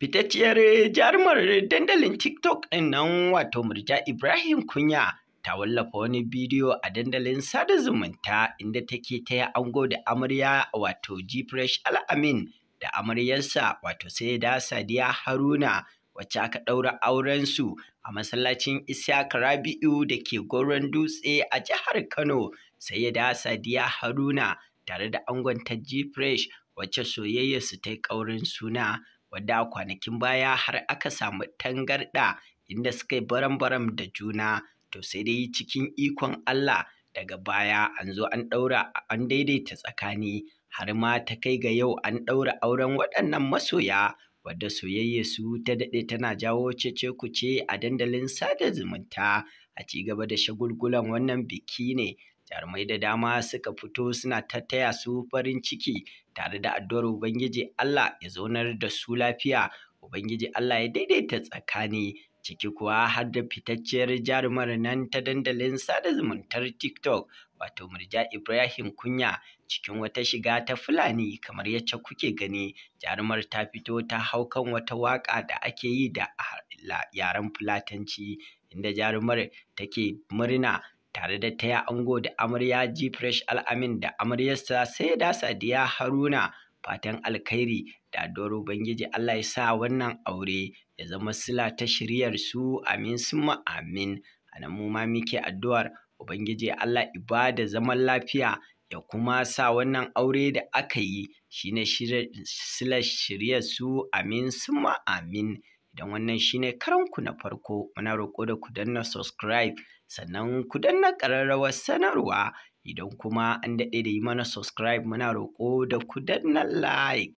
Fitacciyar jarumar dandalin TikTok ɗin nan wato Murja Ibrahim Kunya ta wallafa wani bidiyo a dandalin sada zumunta inda take taya ango da amarya wato Gfresh Al'amin da amaryarsa wato sai da Sadiya Haruna wacce aka ɗaura aurensu a masallacin Isiyaka Rabi'u da ke Goron Dutse a jihar Kano sai da Sadiya Haruna tare da angon angonta Gfresh wacce su ta yi ƙaurin suna wadda a kwanakin baya har aka samu tangarɗa inda suka yi baram-baram da juna to sai dai cikin ikon Allah daga baya an zo an ɗaura an daidaita tsakani har ma ta kai ga yau an ɗaura auren waɗannan masoya wadda soyayya su ta daɗe tana jawo cece kuce a dandalin sada zumunta a ci gaba da shagulgulan wannan biki ne jarumai da dama suka fito suna tattaya su farin ciki tare da addu'ar ubangiji Allah ya zaunar da su lafiya ubangiji Allah ya daidaita tsakani ciki kuwa har da fitacciyar jarumar nan ta dandalin sada zumuntar TikTok wato Murja Ibrahim Kunya cikin wata shiga ta Fulani kamar yacce kuke gani jarumar ta fito ta hau kan wata waka da ake yi da yaren Fulatanci inda jarumar take murna tare da taya ango da amarya ji fresh al'amin da amaryarsa sai da sadiya haruna fatan alkhairi da doro ubangiji allah ya sa wannan aure ya zama sila ta shiryar su amin summa amin a nan mu ma muke addu'ar ubangiji allah ibada zaman lafiya ya kuma sa wannan aure da aka yi shine silar shiryar su amin amin idan wannan shine karanku na farko muna roƙo da ku danna subscribe sannan ku danna ƙararrawar sanarwa idan kuma an daɗe da yi mana subscribe muna roƙo da ku danna like